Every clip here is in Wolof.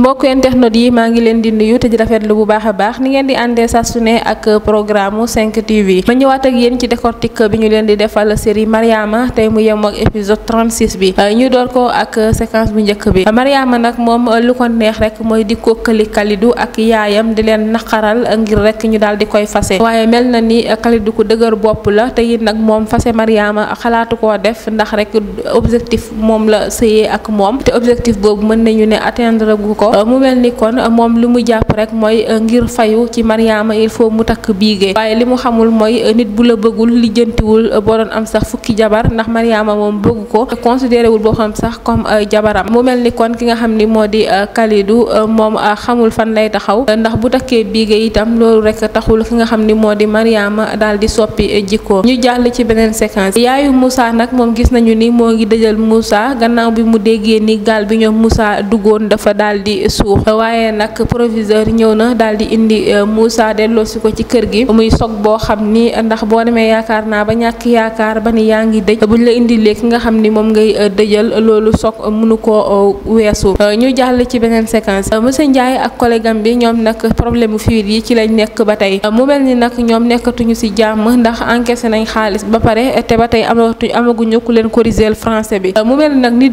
mbokk internet yi ma ngi leen di nuyu te di rafetlu bu baax baax ni ngeen di àndee sa su ak programme 5 TV ma ñëwaat ak yéen ci décortique bi ñu leen di defal série Mariama tey mu yem ak épisode 36 bi euh, ñu door ko ak séquence bu njëkk bi Mariama nag moom euh, lu ko neex rek mooy di kokkali kalidu ak yaayam di leen naqaral ngir rek ñu daal di koy fase waaye mel na ni euh, kalidu ku dëgër bopp la te nak nag moom fase Mariama xalaatu koo def ndax rek objectif moom la sëyee ak moom te objectif boobu mën nañu ne atteindre ko ko euh, mu mel ni kon euh, moom lu mu jàpp rek mooy euh, ngir fayu ci Mariama il faut mu takk biige waaye li mu xamul mooy nit bu la bëggul lijjantiwul boo doon am sax fukki jabar ndax Mariama moom bëgg ko considéré wul boo xam sax comme jabaram mu mel ni kon ki nga xam ni moo di Kalidou moom xamul fan lay taxaw ndax bu takkee biige itam loolu rek taxul ki nga xam ni moo di Mariama dal di soppi jikko ñu jàll ci beneen séquence yaayu musaa nag moom gis nañu ni moo ngi dëjal Moussa gannaaw bi mu déggee ni gaal bi ñoom Moussa duggoon di suux waaye nag proviseur ñëw na daal di indi euh, Moussa delloosi ko ci kër gi muy soog boo xam ni ndax boo demee yaakaar naa ba ñàkk yaakaar ba ni yaa ngi dëj buñ la indi léegi nga xam ni moom ngay euh, dëjal loolu soog euh, mënu koo weesu ñu jàll ci beneen séquence monsieur Ndiaye ak collègue am bi ñoom nag problème bu fuite yi ci lañ nekk ba tey mu mel ni nag ñoom nekkatuñu ci jàmm ndax encaissé nañ xaalis ba pare te ba tey amatuñ amaguñu ku leen corriger français bi mu mel ni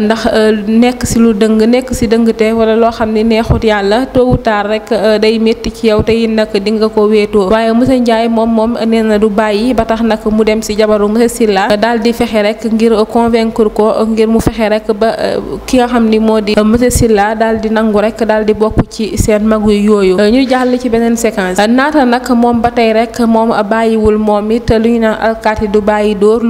ndax euh, nekk si lu dëng nekk si dëngte wala loo xam ne neexut yàlla tôt ou tard rek euh, day métti ci yow te it nag di nga ko wéetoo waaye monsieur Ndiaye moom moom nee na du bàyyi ba tax nag mu dem si jabaru monsieur silla daal di fexe rek ngir convaincre ko ngir mu fexe rek ba euh, ki nga xam ni moo di monsieur silla daal di nangu rek dal di bokk ci seen magu yooyu ñu jàll ci beneen séquence naata nag moom ba tey rek moom bàyyiwul moom it lu ñu naan alkaati du bàyyi dóor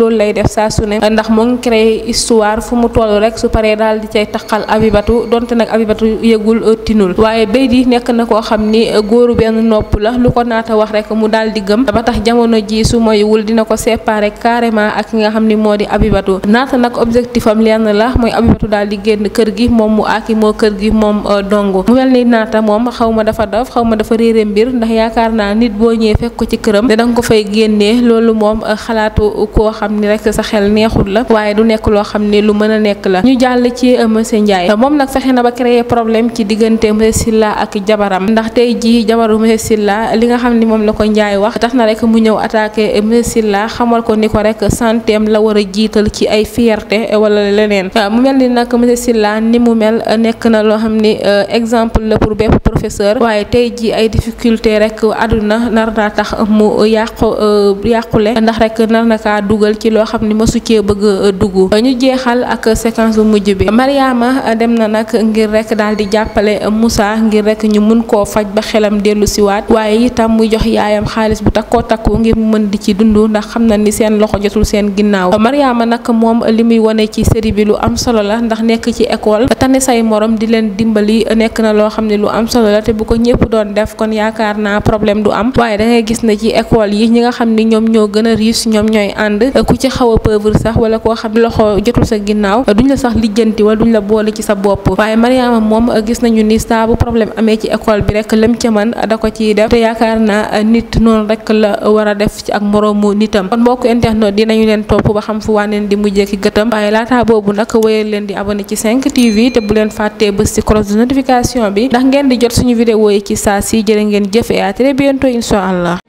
su paree daal di cay taqal abibatu donte nag abibatu yegul euh, tinul waaye béy di nekk na koo xam ni euh, góoru benn nopp la lu ko naata wax rek mu daal di gëm ba tax jamono ji su moywul dina ko séparé carrément ak ki nga xam ni moo di abibatu naata nag objectif am lenn la mooy abibatu daal di génn kër gi moom mu aaki moo kër gi moom euh, dong mu mel ni naata moom xaw ma dafa dof xaw ma dafa réere mbir ndax yaakaar naa nit boo ñëwee fekk ko ci këram da nga ko fay génnee loolu moom xalaatu koo xam ni rek sa xel neexul la waaye du nekk loo xam ni lu mën a nekk la ñu jàll ci euh, monsieur Ndiaye euh, moom nag fexe na ba créer problème ci diggante monsieur Sylla ak jabaram ndax tey jii jabaru monsieur Sylla li nga xam ni moom la ko njaay wax tax na rek mu ñëw attaqué euh, monsieur Sylla xamal ko ni ko rek santeem la war a jiital ci ay fierté wala leneen mu mel ni nag monsieur silla ni mu mel nekk na loo xam ni exemple la pour bépp professeur waaye tey jii ay difficulté rek àdduna nar naa tax mu yàqu yàqule ndax rek nar na kaa dugal ci loo xam ni mësu bëgg dugg séquence bu mujj bi euh, dem na nag ngir rek daal di jàppale euh, Moussa ngir rek ñu mun koo faj ba xelam dellu siwaat waaye itam muy jox yaayam xaalis bu takkoo takku ngir mën di ci dund ndax xam na ni seen loxo jotul seen ginnaaw Mariama nag moom li muy wane ci série bi lu am solo la ndax nekk ci école tane say morom di leen dimbali nekk na loo xam ne lu am solo la te bu ko ñëpp doon def kon yaakaar naa problème du am waaye da ngay gis na ci école yi ñi nga xam ni ñoom ñoo gën a riche ñoom ñooy ànd la sax lijjanti wala duñ la boole ci sa bopp waaye Mariama moom gis nañu ni saa bu problème amee ci école bi rek lëm ca man da ko ci def te yaakaar naa nit noonu rek la war a def ci ak moroomu nitam kon mbokk internet dinañu leen topp ba xam fu wànneen di mujjee ki gëtam waaye laataa boobu nag wéyal leen di abonné ci 5 TV te bu leen fàttee bës ci cloche de notification bi ndax ngeen di jot suñu vidéo yi ci saa si jërë ngeen jëf et à très